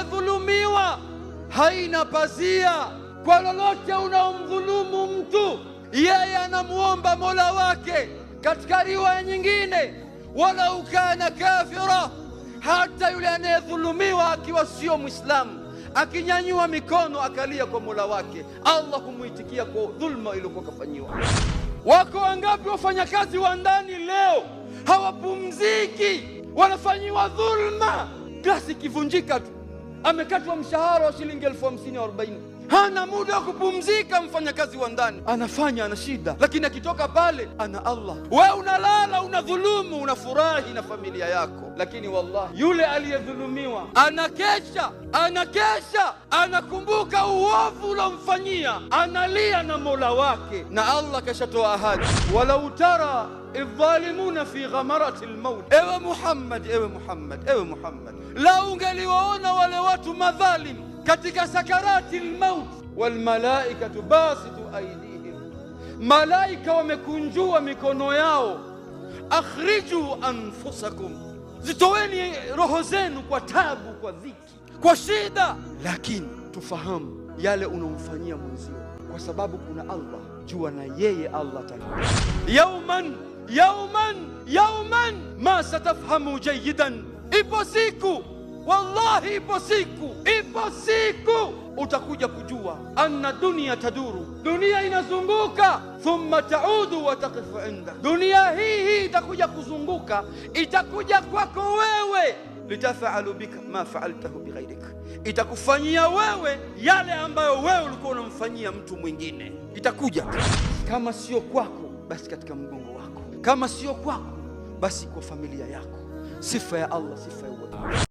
aliyedhulumiwa haina pazia. Kwa lolote unaomdhulumu mtu, yeye anamuomba mola wake. Katika riwaya nyingine, walau kana kafira, hata yule anayedhulumiwa akiwa sio Mwislamu akinyanyua mikono akalia kwa mola wake, Allah humwitikia kwa dhulma iliyokuwa kafanyiwa. Wako wangapi wafanyakazi wa ndani leo hawapumziki, wanafanyiwa dhulma, glasi ikivunjika tu amekatwa mshahara wa shilingi elfu hamsini arobaini hana muda wa kupumzika. Mfanyakazi wa ndani anafanya, ana shida, lakini akitoka pale ana Allah. We unalala, unadhulumu unafurahi na familia yako, lakini wallahi yule aliyedhulumiwa anakesha, anakesha, anakumbuka uovu uliomfanyia, analia na mola wake, na Allah kashatoa ahadi, walau tara idhalimuna fi ghamarati lmaut. Ewe Muhammad, ewe Muhammad, ewe Muhammad, la ungeliwaona wale watu madhalim katika sakarati lmaut, walmalaikatu basitu aidihim, malaika wamekunjua mikono yao. Akhriju anfusakum, zitoweni roho zenu kwa tabu, kwa dhiki, kwa shida. Lakini tufahamu yale unaomfanyia mwenzio, kwa sababu kuna Allah. Jua na yeye Allah taala, yauman yauman yauman ma satafhamu jayidan, ipo siku wallahi, ipo siku kwa siku utakuja kujua anna dunia taduru, dunia inazunguka. Thumma taudu wa taqifu inda, dunia hii hii itakuja kuzunguka, itakuja kwako wewe. Litafalu bika ma faaltahu bighairik, itakufanyia wewe yale ambayo wewe ulikuwa unamfanyia mtu mwingine. Itakuja kama sio kwako, basi katika mgongo wako, kama sio kwako, basi kwa familia yako. Sifa ya Allah, sifa ya